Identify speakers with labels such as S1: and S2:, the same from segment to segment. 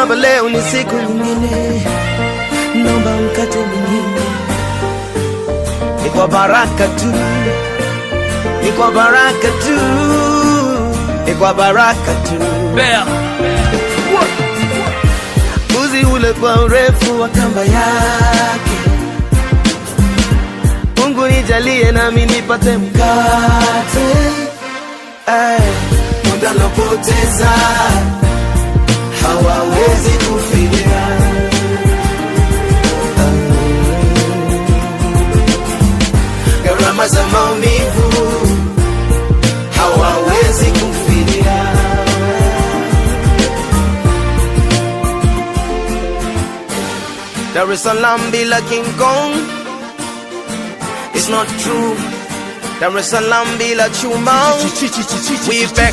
S1: kwamba leo ni siku nyingine, naomba mkate mwingine. Ni kwa baraka tu, ni kwa baraka tu, ni kwa baraka tu. Uzi ule kwa urefu wa kamba yake, Mungu nijalie nami nipate mkate, ay, eh, muda
S2: There is a lamb bila King Kong It's not true. There is a Salaam bila chuma we back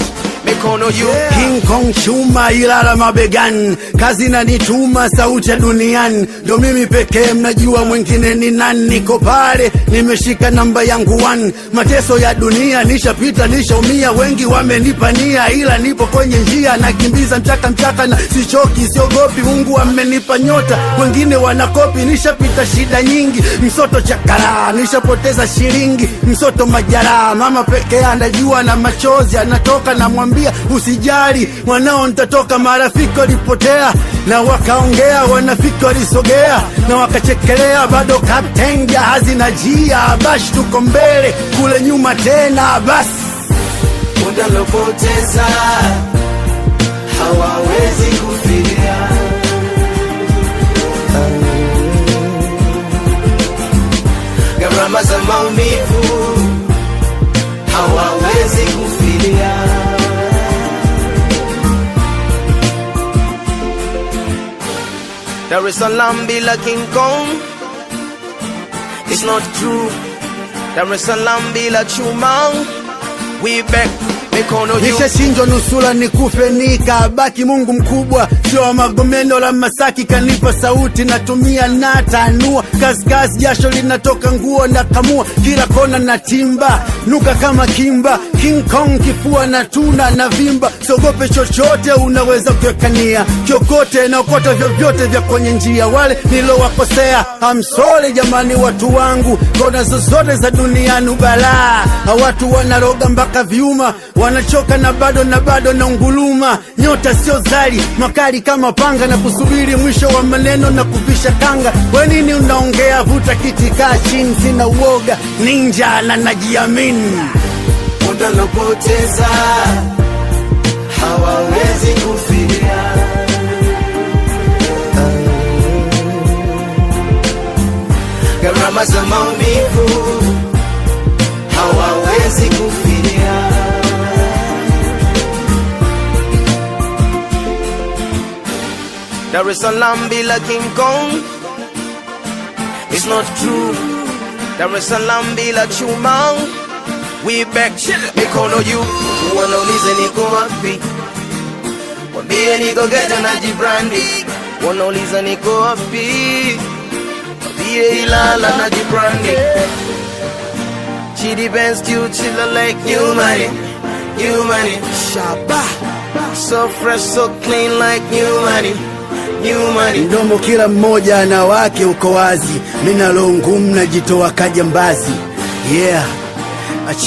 S2: mikono yu yeah.
S3: King Kong chuma ilala mabegani, kazi na nituma sauti ya duniani, ndo mimi pekee mnajua mwingine ni nani. Niko pale nimeshika namba yangu one, mateso ya dunia nishapita, nishaumia, wengi wamenipania, ila nipo kwenye njia, nakimbiza mchaka mchaka na sichoki, siogopi. Mungu amenipa nyota, wengine wanakopi, nishapita shida nyingi, msoto chakara, nishapoteza shilingi, msoto majaraha, mama pekee anajua na machozi anatoka, namwambia kulia, usijali mwanao nitatoka. Marafiki walipotea na wakaongea, wanafiki walisogea na wakachekelea, bado katenga hazina jia, bash tuko mbele kule nyuma tena, basi
S1: unalopoteza hawawezi kufiria Gharama za maumivu hawa
S2: Dar es Salaam be like King Kong. It's not true. Dar es Salaam be like Chumang. We back.
S3: Nishashinjwa nusura nikufe nikabaki, Mungu mkubwa sio wa Magomeni la Masaki, kanipa sauti natumia na tanua kaskazi, jasho linatoka nguo na kamua, kila kona na timba nuka kama kimba King Kong, kifua na tuna na vimba, sogope chochote, unaweza kuekania chokote na ukota vyovyote vya kwenye njia. Wale nilowakosea hamsole jamani, watu wangu, kona zozote za duniani balaa. Watu wanaroga mpaka viuma, wanachoka na bado na bado na unguluma. Nyota sio zali, makali kama panga, na kusubiri mwisho wa maneno na kuvisha kanga. kwenini unaongea? Vuta kitika kaa chini, sina uoga, ninja na najiamini.
S1: muda unapoteza, hawawezi kufidia. Gharama za maumivu hawawezi kufidia.
S2: Dar es Salaam bila King Kong It's not true. Dar es Salaam bila Chumang we back, mikono juu,
S4: wanaulize ni wapi, wambie niko geta na jibrandi, wanauliza ni wapi, wambie Ilala na jibrandi. like new money, new money, shaba, so fresh, so clean like new money
S5: Mdomo kila mmoja na wake uko wazi, minalongumna nalongum kaja mbazi yeah. Bell.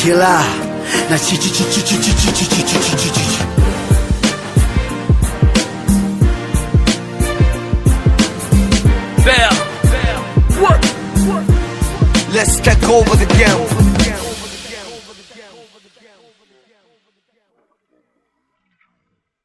S2: What? Let's take over the game.